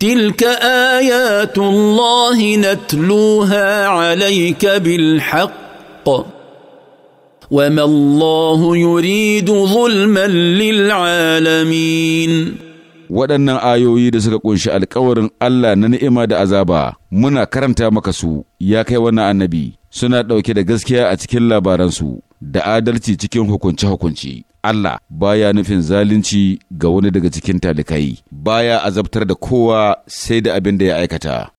تلك ايات الله نتلوها عليك بالحق وما الله يريد ظلما للعالمين waɗannan ayoyi da suka ƙunshi alkawarin Allah na ni'ima da azaba muna karanta maka su ya kai wannan annabi suna ɗauke da gaskiya a cikin labaransu da adalci cikin hukunce hukunce Allah baya nufin zalunci ga wani daga cikin talikai, baya azabtar da kowa sai da abin da ya aikata.